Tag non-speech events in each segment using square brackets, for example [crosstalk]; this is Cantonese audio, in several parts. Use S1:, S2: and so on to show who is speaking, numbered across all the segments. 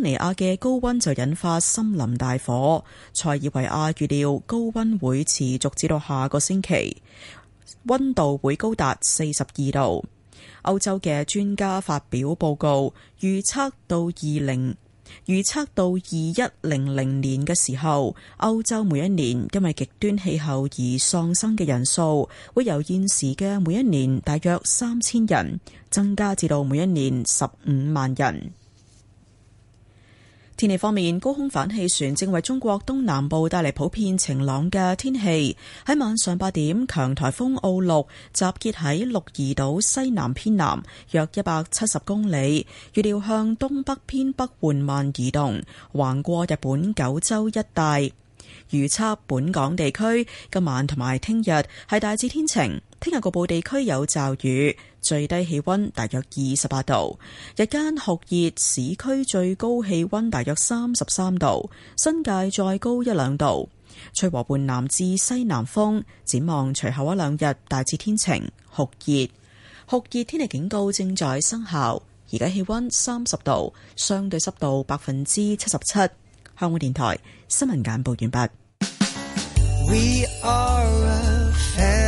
S1: 尼亞嘅高溫就引發森林大火。塞爾維亞預料高溫會持續至到下個星期，溫度會高達四十二度。歐洲嘅專家發表報告，預測到二零，預測到二一零零年嘅時候，歐洲每一年因為極端氣候而喪生嘅人數，會由現時嘅每一年大約三千人，增加至到每一年十五萬人。天氣方面，高空反氣旋正為中國東南部帶嚟普遍晴朗嘅天氣。喺晚上八點，強台風奧鹿，集結喺鹿兒島西南偏南約一百七十公里，預料向東北偏北緩慢移動，橫過日本九州一帶。預測本港地區今晚同埋聽日係大致天晴。聽日局部地區有驟雨，最低氣溫大約二十八度，日間酷熱，市區最高氣溫大約三十三度，新界再高一兩度。吹和緩南至西南風，展望隨後一兩日大致天晴酷熱，酷熱天氣警告正在生效。而家氣溫三十度，相對濕度百分之七十七。香港電台新聞簡報完畢。
S2: We are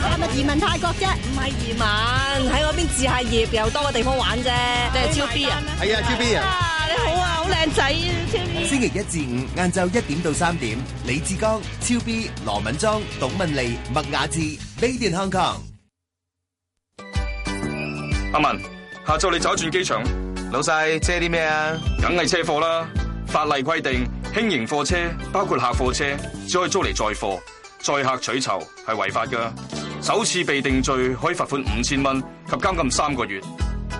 S1: 移民泰國啫，唔係移民喺嗰邊置下業，
S3: 又多個地方玩啫。即係對超 B 人。係啊，超 B 啊！你好啊，好靚仔啊！超 B 超 B
S1: 星期一至五晏晝一點到三點，李志剛、超 B、羅敏莊、董
S2: 文利、麥雅治、飛電香港。阿文，下晝你走一轉機場，老細遮啲咩啊？梗係車貨啦。法例規定，輕型貨車包括客貨車，只可以租嚟載貨載客取酬，係違法噶。首次被定罪，可以罰款五千蚊，及監禁三個月。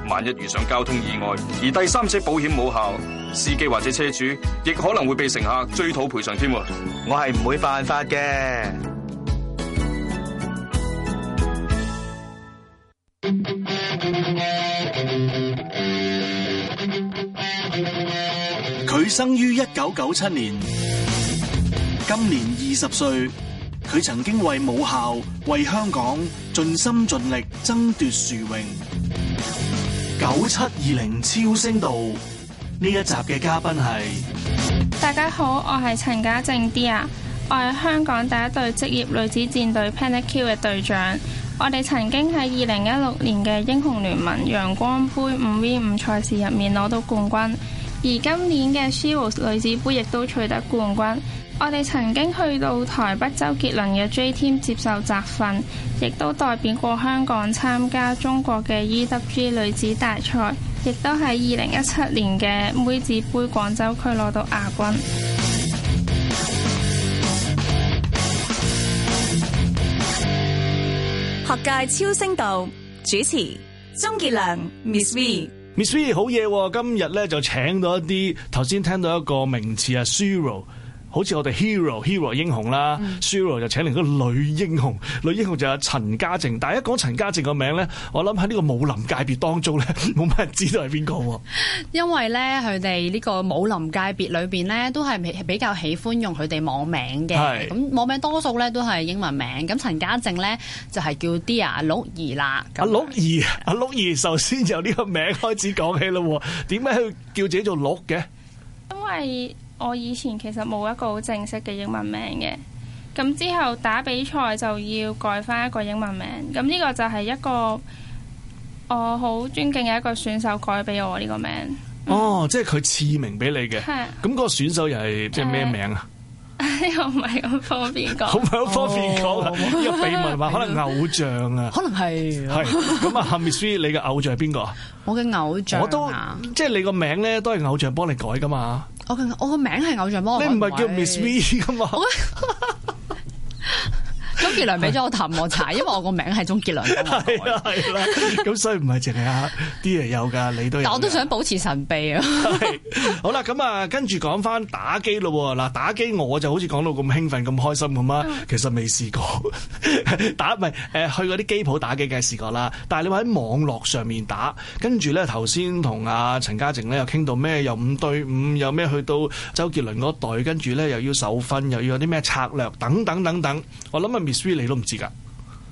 S2: 萬一遇上交通意外，而第三者保險冇效，司機或者車主亦可能會被乘客追討賠償添。我係唔會犯法嘅。佢生於一九九七年，今年二十歲。佢曾經為母校、為香港盡心盡力爭奪殊榮。九七二零超聲道呢一集嘅嘉賓係：
S4: 大家好，我係陳嘉靖 deer 啊，我係香港第一隊職業女子戰隊 Panther Q 嘅隊長。我哋曾經喺二零一六年嘅英雄聯盟陽光杯五 V 五賽事入面攞到冠軍，而今年嘅 She 女子杯亦都取得冠軍。我哋曾經去到台北周杰倫嘅 J Team 接受集訓，亦都代表過香港參加中國嘅 E W G 女子大賽，亦都喺二零一七年嘅妹子杯廣州區攞到亞軍。
S1: 學界超聲道主持鍾傑良，Miss Ms . V
S2: Miss Ms . V 好嘢，今日咧就請到一啲頭先聽到一個名詞係 Zero。好似我哋 hero hero 英雄啦，zero 就請嚟嗰個女英雄，女英雄就阿陳嘉靖。但係一講陳嘉靖個名咧，我諗喺呢個武林界別當中咧，冇乜人知道係邊個。
S3: 因為咧，佢哋呢個武林界別裏邊咧，都係比較喜歡用佢哋網名嘅。咁是網名多數咧都係英文名。咁陳嘉靖咧就係叫 deer 六二啦。阿
S2: 六二，阿六二，首先由呢個名開始講起啦。點解佢叫自己做六嘅？
S3: 因為。
S4: 我以前其實冇一個好正式嘅英文名嘅，咁之後打比賽就要改翻一個英文名，咁、這、呢個就係一個我好、哦、尊敬嘅一個選手改俾我呢、這個名。
S2: 哦，嗯、即係佢賜名俾你嘅，咁嗰是個選手又係即係咩名啊？
S4: 呢、欸這個唔係咁方便講，唔係咁方便講
S2: 啦，呢個秘密嘛，可能偶像啊，可
S3: 能係係
S2: 咁啊，Ms V，你嘅偶像係邊個啊？
S3: 我嘅偶像我都
S2: 即係你個名咧，都係偶像幫你改噶嘛。
S3: 我我個名係偶像魔，你唔係叫 Ms V 噶嘛？ [laughs] 鍾傑良俾咗我氹我踩， [laughs] 因為我個名係鍾傑良。
S2: 係啦係啦，咁所以唔係淨係啲嘢有噶，你都有。但我都
S3: 想保持神秘
S2: 啊。 [laughs] 好啦，咁啊，跟住講翻打機咯。嗱，打機我就好似講到咁興奮、咁開心咁啊， [laughs] 其實未試過 [laughs] 打咪誒去嗰啲機鋪打機嘅試過啦。但係你話喺網絡上面打，跟住咧頭先同阿陳嘉靖咧又傾到咩，又五對五，有咩去到周杰倫嗰隊，跟住咧又要受訓，又要有啲咩策略，等等等等。我諗啊。你都唔知噶、啊，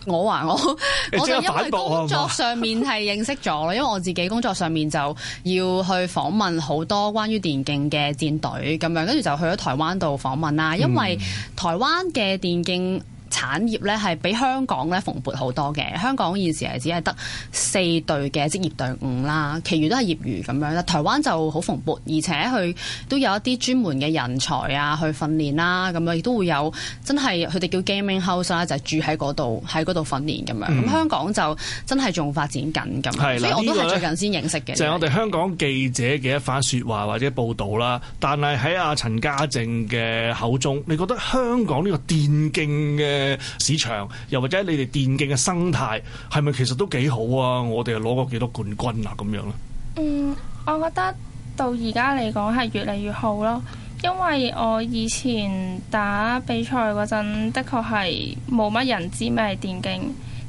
S3: 我話我我就因為工作上面係認識咗咯， [laughs] 因為我自己工作上面就要去訪問好多關於電競嘅戰隊咁樣，跟住就去咗台灣度訪問啦。因為台灣嘅電競。嗯產業咧係比香港咧蓬勃好多嘅，香港現時係只係得四隊嘅職業隊伍啦，其餘都係業餘咁樣啦。台灣就好蓬勃，而且佢都有一啲專門嘅人才啊，去訓練啦，咁啊亦都會有真係佢哋叫 Gaming House 啦，就住喺嗰度，喺嗰度訓練咁樣。咁、嗯、香港就真係仲發展緊咁，嗯、所以我都係最近先認識嘅。就係、我
S2: 哋香港記者嘅一番説話或者報導啦，但係喺阿陳嘉靖嘅口中，你覺得香港呢個電競嘅？嘅市場，又或者你哋電競嘅生態，係咪其實都幾好啊？我哋又攞過幾多冠軍啊？咁樣咧？
S4: 嗯，我覺得到而家嚟講係越嚟越好咯。因為我以前打比賽嗰陣，的確係冇乜人知咩係電競，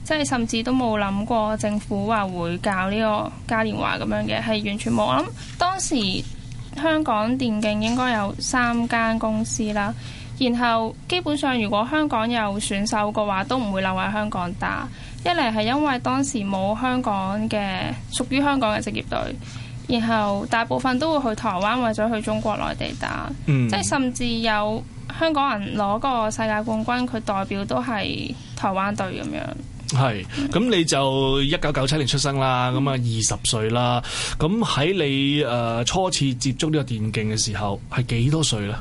S4: 即係甚至都冇諗過政府話會搞呢個嘉年華咁樣嘅，係完全冇。我諗當時香港電競應該有三間公司啦。然後基本上，如果香港有選手嘅話，都唔會留喺香港打。一嚟係因為當時冇香港嘅屬於香港嘅職業隊，然後大部分都會去台灣或者去中國內地打。
S2: 嗯、即係甚
S4: 至有香港人攞個世界冠軍，佢代表都係台灣隊咁樣。
S2: 係咁，你就一九九七年出生啦，咁啊二十歲啦。咁喺你誒、呃、初次接觸呢個電競嘅時候係幾多歲呢？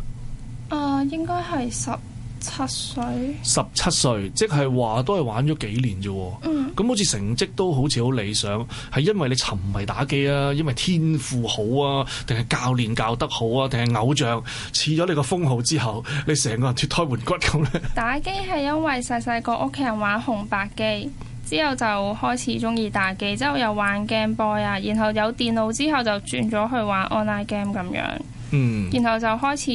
S4: 啊，uh, 應該係十七歲。
S2: 十七歲，即係話都係玩咗幾年啫喎。嗯。咁好似成績都好似好理想，係因為你沉迷打機啊？因為天賦好啊？定係教練教得好啊？定係偶像賜咗你個封號之後，你成個人脫胎換骨咁咧？
S4: 打機係因為細細個屋企人玩紅白機，之後就開始中意打機，之後又玩 game boy 啊，然後有電腦之後就轉咗去玩 online game 咁樣。嗯，然後就開始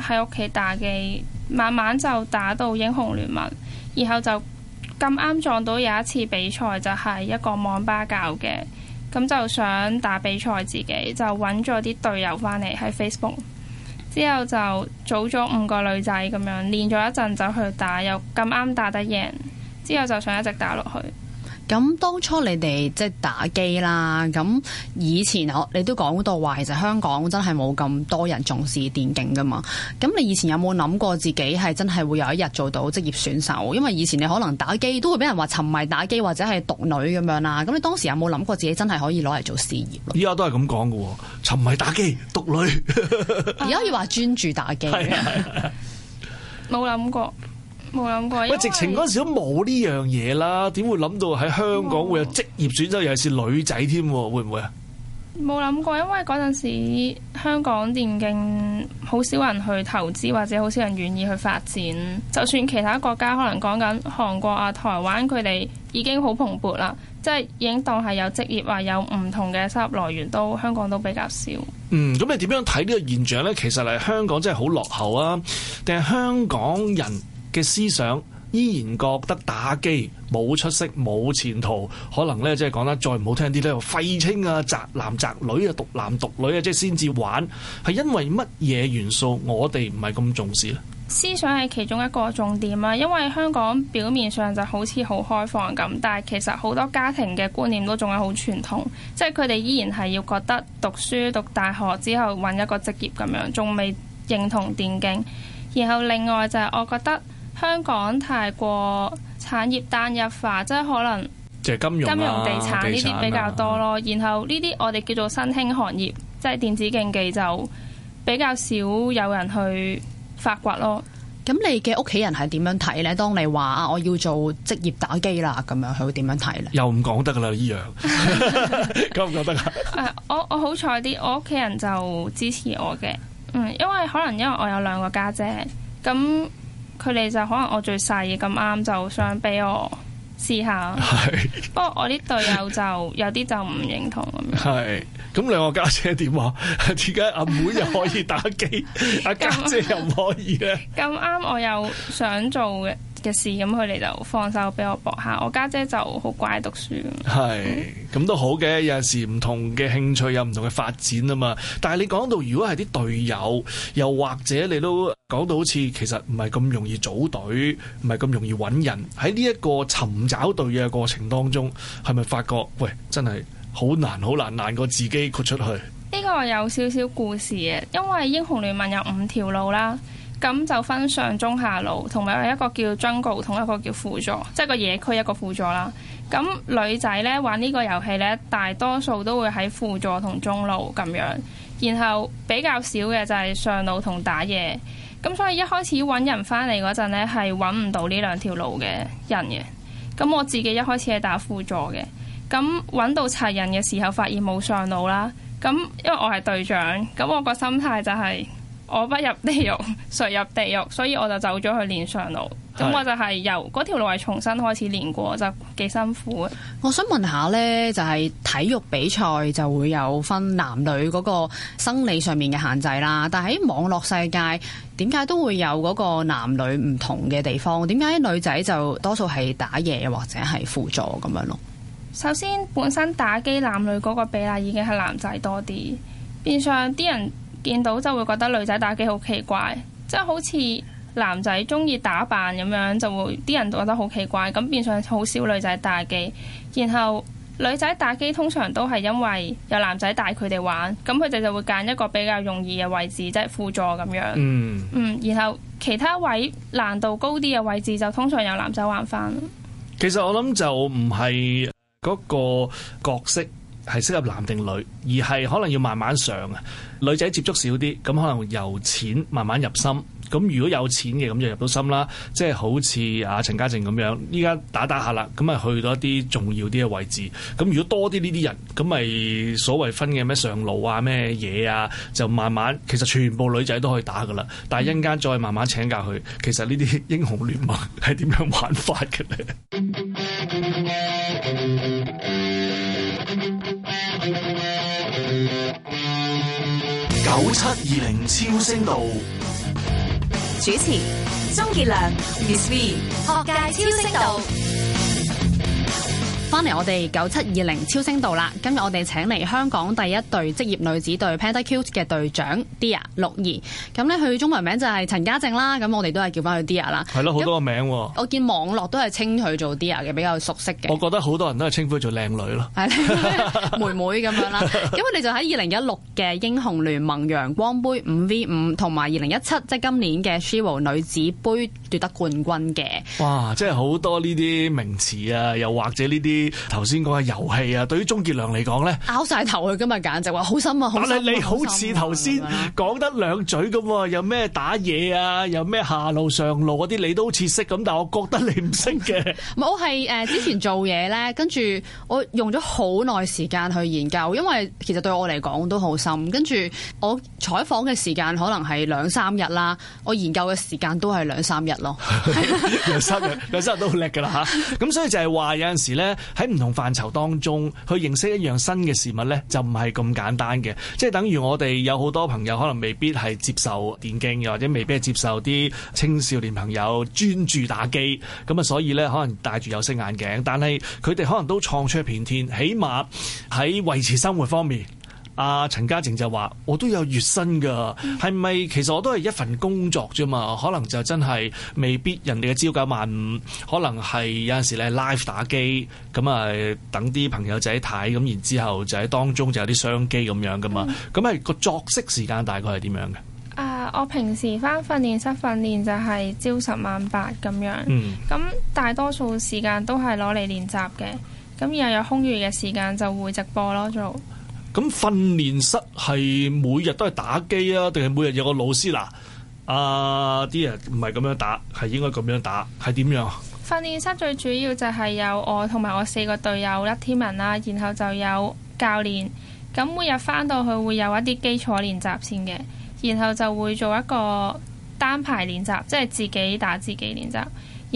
S4: 喺屋企打機，慢慢就打到英雄聯盟。然後就咁啱撞到有一次比賽就係一個網吧教嘅，咁就想打比賽，自己就揾咗啲隊友返嚟喺 Facebook，之後就組咗五個女仔咁樣，練咗一陣就去打，又咁啱打得贏，之後就想一直打落去。
S3: 咁當初你哋即係打機啦，咁以前我你都講到話，其實香港真係冇咁多人重視電競噶嘛。咁你以前有冇諗過自己係真係會有一日做到職業選手？因為以前你可能打機都會俾人話沉迷打機或者係獨女咁樣啦。咁你當時有冇諗過自己真係可以攞嚟做事業？
S2: 依家都係咁講嘅喎，沉迷打機、獨女，而
S3: 家要話專注打機，冇諗過。冇諗過，因為，直情嗰陣
S2: 時都冇呢樣嘢啦，點會諗到喺香港會有職業選擇？哦、尤其是女仔添，會唔會啊？
S4: 冇諗過，因為嗰陣時香港電競好少人去投資，或者好少人願意去發展。就算其他國家可能講緊韓國啊、台灣，佢哋已經好蓬勃啦，即係已經當係有職業啊，有唔同嘅收入來源，都香港都比較少。
S2: 嗯，咁你點樣睇呢個現象呢？其實係香港真係好落後啊，定係香港人，嘅思想依然覺得打機冇出息，冇前途，可能咧即係講得再唔好聽啲咧，廢青啊、宅男宅女啊、毒男毒女啊，即係先至玩。係因為乜嘢元素？我哋唔係咁重視咧。
S4: 思想係其中一個重點啊，因為香港表面上就好似好開放咁，但係其實好多家庭嘅觀念都仲係好傳統，即係佢哋依然係要覺得讀書讀大學之後揾一個職業咁樣，仲未認同電競，然後另外就係我覺得。香港太過產業單一化，即係可能
S2: 即係金融、啊、金融地產呢啲比較
S4: 多咯。啊、然後呢啲我哋叫做新興行業，嗯、即係電子競技，就比較少
S3: 有人去發掘咯。咁你嘅屋企人係點樣睇呢？當你話我要做職業打機啦，咁樣佢會點樣睇呢？又唔講得噶啦，呢樣覺唔覺得
S4: 啊？我我好彩啲，我屋企人就支持我嘅。嗯，因為可能因為我有兩個家姐咁。.佢哋就可能我最細咁啱，就想俾我試下。係是，不過我啲隊友就有啲就唔認同
S2: 咁樣。係，咁兩個家姐點話？點解阿妹又可以打機，阿家 [laughs] 姐，姐又唔可以咧？咁啱，
S4: 我又想做嘅。嘅事，咁佢哋就放手俾我搏下，我家姐就好乖讀書。
S2: 係咁都好嘅，有陣時唔同嘅興趣有唔同嘅發展啊嘛。但係你講到如果係啲隊友，又或者你都講到好似其實唔係咁容易組隊，唔係咁容易揾人，喺呢一個尋找隊友嘅過程當中，係咪發覺喂，真係好難好難，難過自己豁出去？
S4: 呢個有少少故事嘅，因為英雄聯盟有五條路啦。咁就分上中下路，同埋一個叫 jungle，同一個叫輔助，即係個野區一個輔助啦。咁女仔呢，玩呢個遊戲呢，大多數都會喺輔助同中路咁樣，然後比較少嘅就係上路同打野。咁所以一開始揾人返嚟嗰陣呢，係揾唔到呢兩條路嘅人嘅。咁我自己一開始係打輔助嘅，咁揾到齊人嘅時候，發現冇上路啦。咁因為我係隊長，咁我個心態就係、是。我不入地獄，誰入地獄？所以我就走咗去練上路。咁是我就係由嗰條路係重新開始練過，就幾辛
S3: 苦。我想問下呢，就係、是、體育比賽就會有分男女嗰個生理上面嘅限制啦。但喺網絡世界，點解都會有嗰個男女唔同嘅地方？點解女仔就多數係打野，或者係輔助咁樣咯？
S4: 首先，本身打機男女嗰個比例已經係男仔多啲，變相啲人。見到就會覺得女仔打機好奇怪，即係好似男仔中意打扮咁樣，就會啲人都覺得好奇怪，咁變相好少女仔打機。然後女仔打機通常都係因為有男仔帶佢哋玩，咁佢哋就會揀一個比較容易嘅位置，即係輔助咁樣。嗯，嗯，然後其他位難度高啲嘅位置就通常有男仔玩
S2: 翻。其實我諗就唔係嗰個角色係適合男定女，而係可能要慢慢上啊。女仔接觸少啲，咁可能由淺慢慢入深。咁如果有錢嘅，咁就入到深啦。即係好似啊陳嘉靖咁樣，依家打打下啦，咁啊去到一啲重要啲嘅位置。咁如果多啲呢啲人，咁咪所謂分嘅咩上路啊咩嘢啊，就慢慢其實全部女仔都可以打噶啦。但係一陣間再慢慢請教佢，其實呢啲英雄聯盟係點樣玩法嘅咧？ [music] 九七二零超聲道，
S1: 主持鍾傑良，Ms V 學界超聲
S3: 道。翻嚟我哋九七二零超聲道啦，今日我哋請嚟香港第一隊職業女子隊 Panda Cute 嘅隊長 deer 六二，咁咧佢中文名就係陳嘉靖啦，咁我哋都係叫翻佢 deer 啦。係咯，好多個名喎。我見網絡都係稱佢做 deer 嘅，比較熟悉嘅。
S2: 我覺得好多人都係稱呼佢做靚女咯，
S3: 妹妹咁樣啦。咁你就喺二零一六嘅英雄聯盟陽光杯五 V 五同埋二零一七即係今年嘅 TWO 女子杯奪得冠軍嘅。
S2: 哇，即係好多呢啲名詞啊，又或者呢啲。頭先講嘅遊戲啊，對於鍾傑良嚟講咧，
S3: 咬晒頭去噶嘛，簡直話好深啊！好深啊，但係你好似頭
S2: 先講得兩嘴咁，有咩打野啊，有咩下路上路嗰啲，你都好似識咁，但係我覺得你唔識嘅
S3: [laughs] 嗯。我係誒、呃、之前做嘢咧，跟住我用咗好耐時間去研究，因為其實對我嚟講都好深。跟住我採訪嘅時間可能係兩三日啦，我研究嘅時間都係兩三日咯。
S2: 兩 [laughs] [laughs] 三日，兩三日都好叻噶啦吓。咁、啊、 [laughs] 所以就係話有陣時咧，喺唔同範疇當中，去認識一樣新嘅事物呢，就唔係咁簡單嘅。即係等於我哋有好多朋友可能未必係接受電競，又或者未必係接受啲青少年朋友專注打機。咁啊，所以呢，可能戴住有色眼鏡，但係佢哋可能都創出一片天。起碼喺維持生活方面。阿、啊、陳嘉靖就話：我都有月薪㗎，係咪、嗯、其實我都係一份工作啫嘛？可能就真係未必人哋嘅朝九晚五，可能係有陣時咧 live 打機咁啊，等啲朋友仔睇咁，然之後就喺當中就有啲商機咁樣噶嘛。咁係個作息時間大概係點樣嘅？
S4: 啊，我平時返訓練室訓練就係朝十晚八咁樣，咁、嗯、大多數時間都係攞嚟練習嘅。咁然後有空餘嘅時間就會直播咯，做。
S2: 咁訓練室係每日都係打機啊，定係每日有個老師嗱、啊，啊、呃、啲人唔係咁樣打，係應該咁樣打，係點樣？
S4: 訓練室最主要就係有我同埋我四個隊友，One Team 人啦，然後就有教練。咁每日翻到去會有一啲基礎練習先嘅，然後就會做一個單排練習，即、就、係、是、自己打自己練習。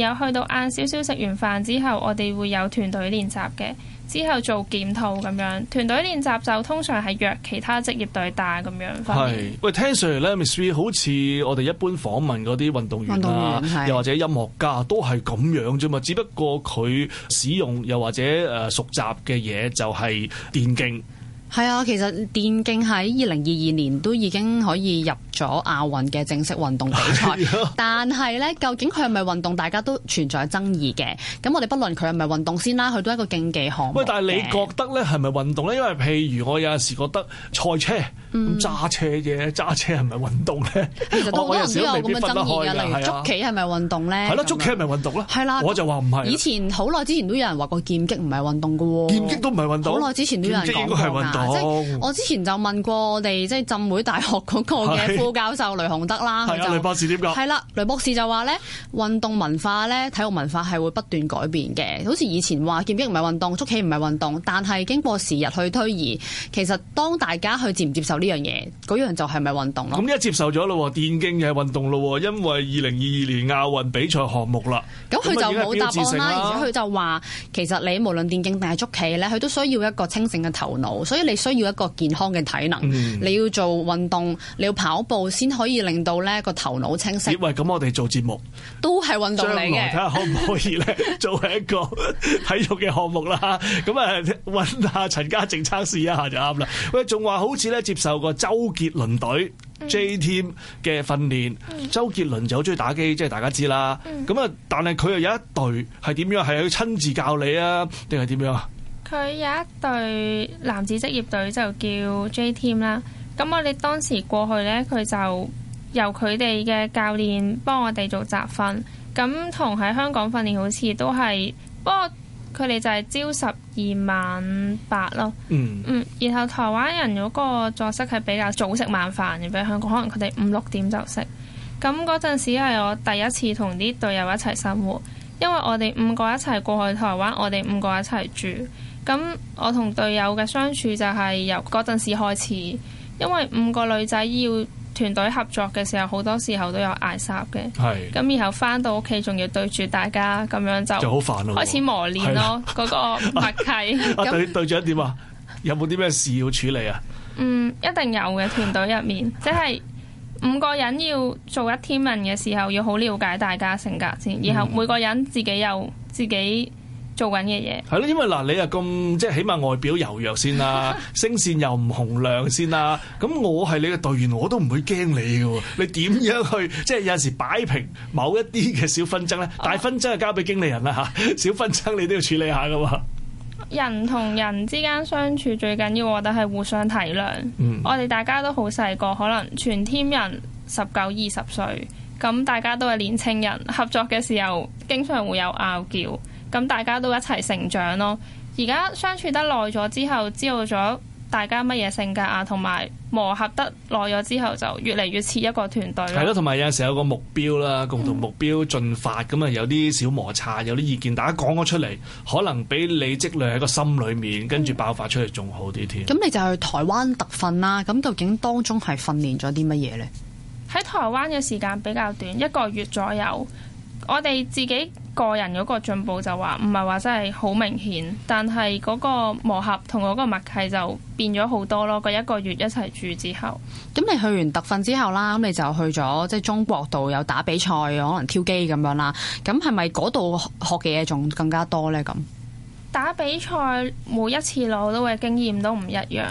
S4: 有去到晏少少，食完飯之後，我哋會有團隊練習嘅，之後做檢討咁樣。團隊練習就通常係約其他職業隊打咁樣。係。
S2: 喂，聽上嚟咧，Ms V，好似我哋一般訪問嗰啲運動員啦、啊，員又或者音樂家都係咁樣啫嘛，只不過佢使用又或者誒熟習嘅嘢就係電競。
S3: 係啊，其實電競喺二零二二年都已經可以入咗亞運嘅正式運動比賽， [laughs] 但係呢，究竟佢係咪運動，大家都存在爭議嘅。咁我哋不論佢係咪運動先啦，佢都係一個競技項目。但係你覺
S2: 得呢係咪運動呢？因為譬如我有陣時覺得賽車。揸車嘅，揸車係咪運動咧？其實好多人都有咁嘅爭議嘅，例如捉棋
S3: 係咪運動咧？係咯，捉棋
S2: 係咪運動咧？係啦，我就話唔係。以
S3: 前好耐之前都有人話過劍擊唔係運動嘅喎。劍擊
S2: 都唔係運動。好耐之前都有人講過係運動。即係我之前
S3: 就問過我哋即係浸會大學嗰個嘅副教授雷洪德啦。係啊，雷博士點講？係啦，雷博士就話咧，運動文化咧，體育文化係會不斷改變嘅。好似以前話劍擊唔係運動，捉棋唔係運動，但係經過時日去推移，其實當大家去接唔接受？呢樣嘢嗰樣就係咪運動咯？咁
S2: 一接受咗咯，電競嘅係運動咯，因為二零二二年亞運比賽項目啦。咁佢就冇答案啦，而且佢
S3: 就話：其實你無論電競定係捉棋咧，佢都需要一個清醒嘅頭腦，所以你需要一個健康嘅體能，嗯、你要做運動，你要跑步先可以令到咧個頭腦清醒。
S2: 欸，因為咁，我哋做節目
S3: 都係運動嚟嘅，睇下
S2: 可唔可以咧做係一個 [laughs] [laughs] 體育嘅項目啦。咁啊，揾下陳家靖測試一下就啱啦。喂，仲話好似咧接受。有個周杰倫隊、嗯、J Team 嘅訓練，訓練嗯、周杰倫就好中意打機，即、就、係、是、大家知啦。咁啊、嗯，但係佢又有一隊係點樣？係佢親自教你啊，定係點樣啊？
S4: 佢有一隊男子職業隊就叫 J Team 啦。咁我哋當時過去呢，佢就由佢哋嘅教練幫我哋做集訓。咁同喺香港訓練好似都係，不過。佢哋就係朝十二晚八咯，嗯，嗯，然後台灣人嗰個作息係比較早食晚飯嘅，比香港可能佢哋五六點就食，咁嗰陣時係我第一次同啲隊友一齊生活，因為我哋五個一齊過去台灣，我哋五個一齊住咁，我同隊友嘅相處就係由嗰陣時開始，因為五個女仔要。團隊合作嘅時候，好多時候都有捱殺嘅。係是。咁然後返到屋企，仲要對住大家咁樣就好
S2: 煩咯。開始磨練咯，
S4: 嗰的個默契。阿隊
S2: 隊長點啊？有冇啲咩事要處理啊？嗯，一
S4: 定有嘅。 [laughs] 團隊入面即係、就是、五個人要做一 team 嘅時候，要好了解大家性格先。嗯、然後每個人自己有自己。做緊嘅嘢
S2: 係咯，因為嗱，你又咁即係，起碼外表柔弱先啦、啊，聲 [laughs] 線又唔洪亮先啦、啊。咁我係你嘅隊員，我都唔會驚你嘅喎。你點樣去即係有陣時擺平某一啲嘅小紛爭呢？大紛爭係交俾經理人啦嚇，小紛爭你都要處理下噶嘛。
S4: 人同人之間相處最緊要，我哋係互相體諒。嗯、我哋大家都好細個，可能全天人十九二十歲，咁大家都係年青人，合作嘅時候經常會有拗撬。咁大家都一齊成長咯。而家相處得耐咗之後，知道咗大家乜嘢性格啊，同埋磨合得耐咗之後，就越嚟越似一個團隊咯。係咯，
S2: 同埋有陣時有個目標啦，共同目標、嗯、進發咁啊，有啲小摩擦，有啲意見，大家講咗出嚟，可能比你積累喺個心裡面跟住爆發出嚟仲好啲添。咁、嗯、
S3: 你就去台灣特訓啦。咁究竟當中係訓練咗啲乜嘢呢？喺台
S4: 灣嘅時間比較短，一個月左右。我哋自己。個人嗰個進步就話唔係話真係好明顯，但係嗰個磨合同嗰個默契就變咗好多咯。個一個月一齊住之後，
S3: 咁你去完特訓之後啦，咁你就去咗即係中國度有打比賽，可能挑機咁樣啦。咁係咪嗰度學嘅嘢仲更加多呢？咁
S4: 打比賽每一次攞到嘅經驗都唔一樣，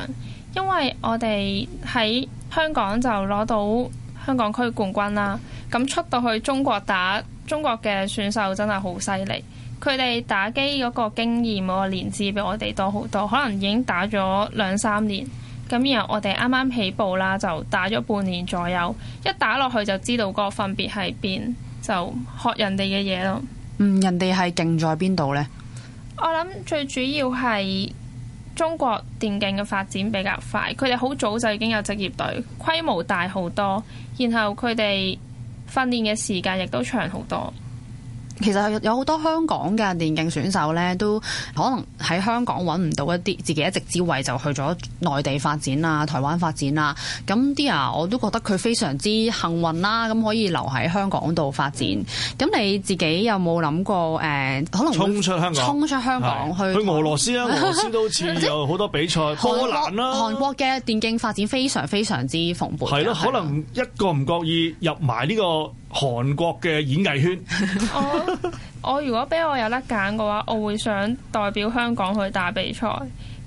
S4: 因為我哋喺香港就攞到香港區冠軍啦。咁出到去中國打。中國嘅選手真係好犀利，佢哋打機嗰個經驗嗰個年資比我哋多好多，可能已經打咗兩三年。咁然後我哋啱啱起步啦，就打咗半年左右，一打落去就知道個分別喺邊，就學人哋嘅嘢咯。嗯，
S3: 人哋係勁在邊度呢？
S4: 我諗最主要係中國電競嘅發展比較快，佢哋好早就已經有職業隊，規模大好多，然後佢哋。訓練嘅時間亦都長好多。
S3: 其實有好多香港嘅電競選手咧，都可能喺香港揾唔到一啲自己一席之位，就去咗內地發展啊、台灣發展啊。咁啲啊，我都覺得佢非常之幸運啦、啊，咁可以留喺香港度發展。咁你自己有冇諗過誒？可能衝出香港，衝出，出香港去去俄羅斯啊！ [laughs] 俄羅斯
S2: 都好似有好多比賽， [laughs] 即波蘭啦、啊、韓
S3: 國嘅電競發展非常非常之蓬勃。係咯的，的可能
S2: 一個唔覺意入埋呢、這個。韓國嘅演藝圈
S3: [laughs] 我，我如果俾我有得
S4: 揀嘅話，我會想代表香港去打比賽，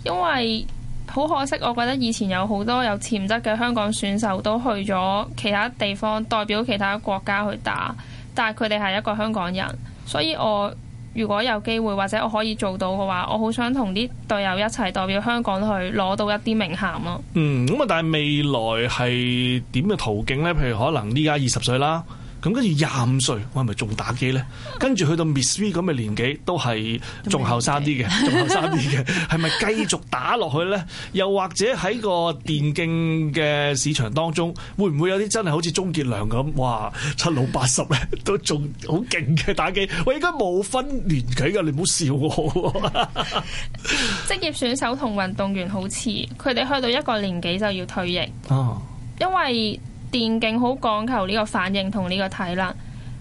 S4: 因為好可惜，我覺得以前有好多有潛質嘅香港選手都去咗其他地方代表其他國家去打，但係佢哋係一個香港人，所以我如果有機會或者我可以做到嘅話，我好想同啲隊友一齊代表香港去攞到一啲名銜咯。嗯，
S2: 咁啊，但係未來係點嘅途徑呢？譬如可能依家二十歲啦。咁跟住廿五歲，我係咪仲打機咧？跟住去到 Ms V 咁嘅年紀，都係仲後生啲嘅，仲後生啲嘅，係咪繼續打落去咧？又或者喺個電競嘅市場當中，會唔會有啲真係好似鍾傑良咁，哇，七老八十咧都仲好勁嘅打機？我而家冇分年紀㗎，你唔好笑我。
S4: [laughs] 職業選手同運動員好似佢哋去到一個年紀就要退役，啊、因為。電競好講求呢個反應同呢個體能，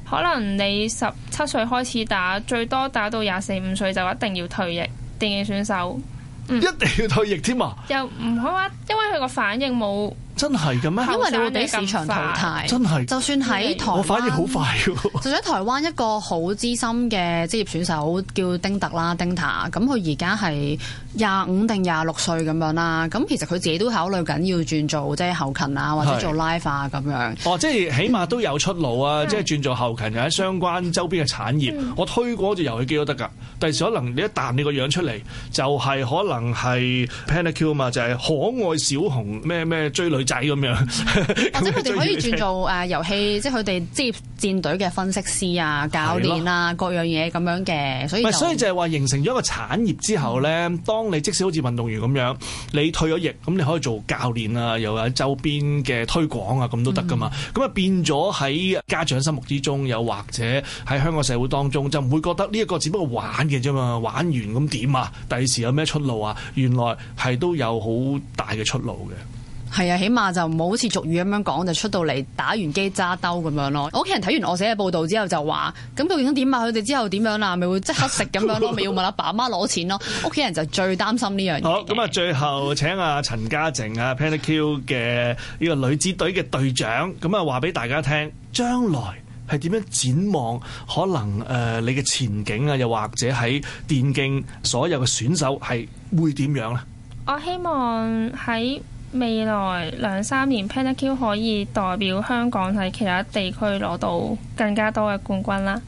S4: 可能你十七歲開始打，最多打到廿四五歲就一定要退役，電競選手、
S2: 嗯、一定要退役添啊！
S4: 又唔
S3: 好話，因為佢個反應冇。
S4: 真係
S2: 嘅咩？因為你會俾市場淘汰。真係是，
S3: 就算喺台我反而好快喎、啊。就喺台灣一個好資深嘅職業選手叫丁特啦，丁特咁佢而家係廿五定廿六歲咁樣啦。咁其實佢自己都考慮緊要轉做即係後勤啊，或者做 live 啊咁是樣。
S2: 哦，即係起碼都有出路啊！ [noise] 即係轉做後勤又喺相關周邊嘅產業， [noise] 我推過隻遊戲機都得㗎。第時可能你一彈你個樣出嚟，就係、是、可能係 p a n a c u、um, r 嘛，就係可愛小熊咩咩追女仔咁樣，嗯、
S3: [laughs] 或者佢哋可以轉做誒遊戲，即係佢哋職業戰隊嘅分析師啊、教練啊，咯各樣嘢咁樣嘅，所以所以
S2: 就係話形成咗一個產業之後咧。嗯、當你即使好似運動員咁樣，你退咗役咁，你可以做教練啊，又話周邊嘅推廣啊，咁都得噶嘛。咁啊、嗯、變咗喺家長心目之中，又或者喺香港社會當中，就唔會覺得呢一個只不過玩嘅啫嘛。玩完咁點啊？第時有咩出路啊？原來係都有好大嘅出路嘅。
S3: 係啊，起碼就唔好好似俗語咁樣講，就出到嚟打完機揸兜咁樣咯。我屋企人睇完我寫嘅報道之後就話咁究竟點啊？佢哋之後點樣啦？咪會即刻食咁樣咯？咪 [laughs] 要問阿爸媽攞錢咯？屋企人就最擔心呢樣嘢。好
S2: 咁啊，最後請阿陳嘉靖 [laughs] 啊 p a n i k Q 嘅呢個女子隊嘅隊長咁啊，話俾大家聽，將來係點樣展望？可能誒、呃，你嘅前景啊，又或者喺電競所有嘅選手係會點樣啊？
S4: 我希望喺。未來兩三年 Panter Q 可以代表香港喺其他地區攞到更加多嘅冠軍啦。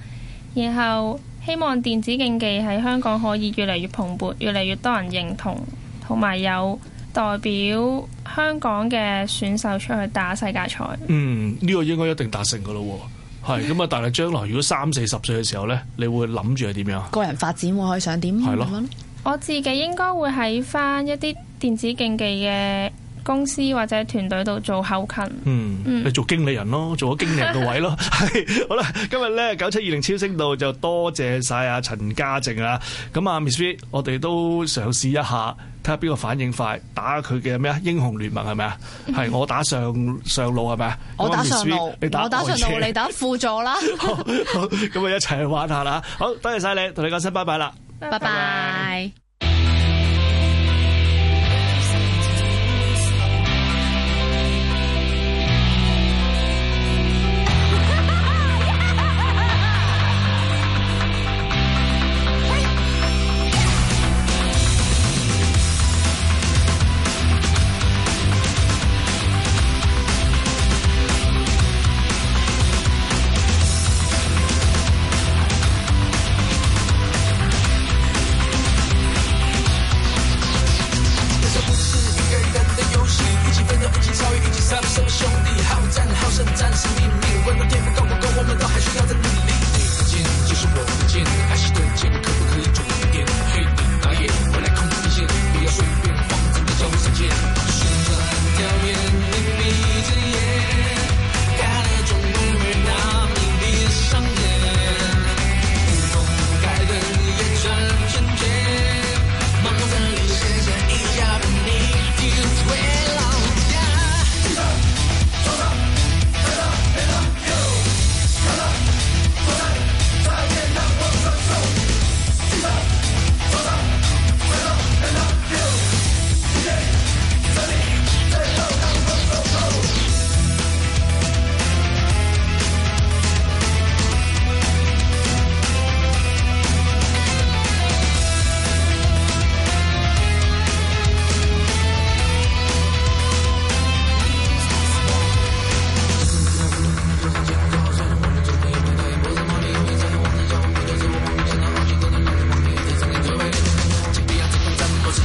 S4: 然後希望電子競技喺香港可以越嚟越蓬勃，越嚟越多人認同，同埋有代表香港嘅選手出去打世界賽。
S2: 嗯，呢個應該一定達成噶咯喎，係咁啊！但係將來如果三四十歲嘅時候呢，你會諗住係點樣啊？
S4: 個人
S3: 發展會可以想點咁樣？係
S4: 咯，我自己應該會喺返一啲電子競技嘅公司或者團隊度做後勤，嗯，
S3: 你做經理人咯，做咗經
S4: 理人個位咯，
S2: 係 [laughs] 好啦。今日咧九七二零超聲度就多謝晒阿陳嘉靖啊。咁啊，Miss V，我哋都嘗試一下，睇下邊個反應快，打佢嘅咩啊？英雄聯盟係咪啊？係、嗯、我打上上路係咪啊？我打上路，你打上路，你打
S3: 輔助啦。好，
S2: 咁啊一齊去玩下啦。好，多謝晒你，同你講聲拜拜啦。
S3: 拜拜。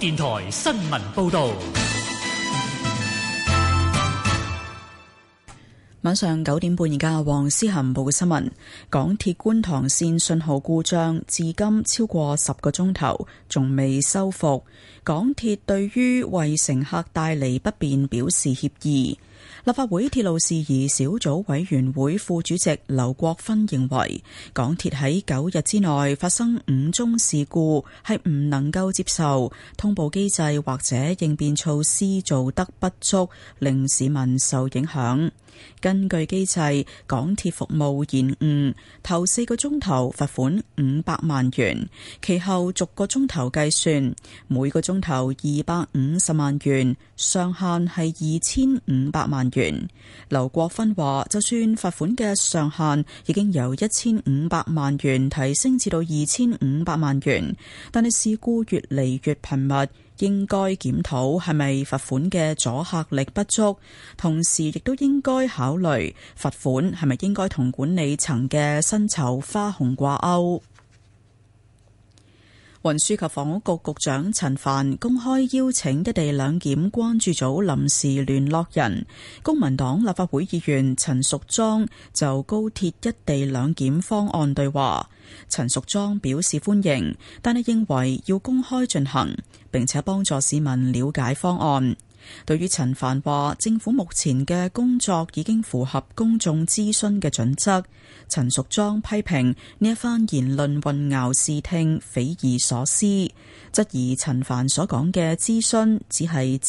S3: 電台新聞報道：
S1: 晚上九點半，而家黃思涵報嘅新聞，港鐵觀塘綫信號故障至今超過十個鐘頭，仲未修復。港鐵對於為乘客帶嚟不便表示歉意。立法會鐵路事宜小組委員會副主席劉國勳認為，港鐵喺九日之內發生五宗事故，係唔能夠接受，通報機制或者應變措施做得不足，令市民受影響。根據機制，港鐵服務延誤頭四個鐘頭罰款五百萬元，其後逐個鐘頭計算，每個鐘頭二百五十萬元，上限係二千五百萬元。劉國芬話：就算罰款嘅上限已經由一千五百萬元提升至到二千五百萬元，但係事故越嚟越頻密。應該檢討係咪罰款嘅阻嚇力不足，同時亦都應該考慮罰款係咪應該同管理層嘅薪酬花紅掛鈎。運輸及房屋局局長陳帆公開邀請一地兩檢關注組臨時聯絡人，公民黨立法會議員陳淑莊就高鐵一地兩檢方案對話。陳淑莊表示歡迎，但係認為要公開進行，並且幫助市民了解方案。對於陳帆話政府目前嘅工作已經符合公眾諮詢嘅準則，陳淑莊批評呢一番言論混淆視聽，匪夷所思，質疑陳帆所講嘅諮詢只係。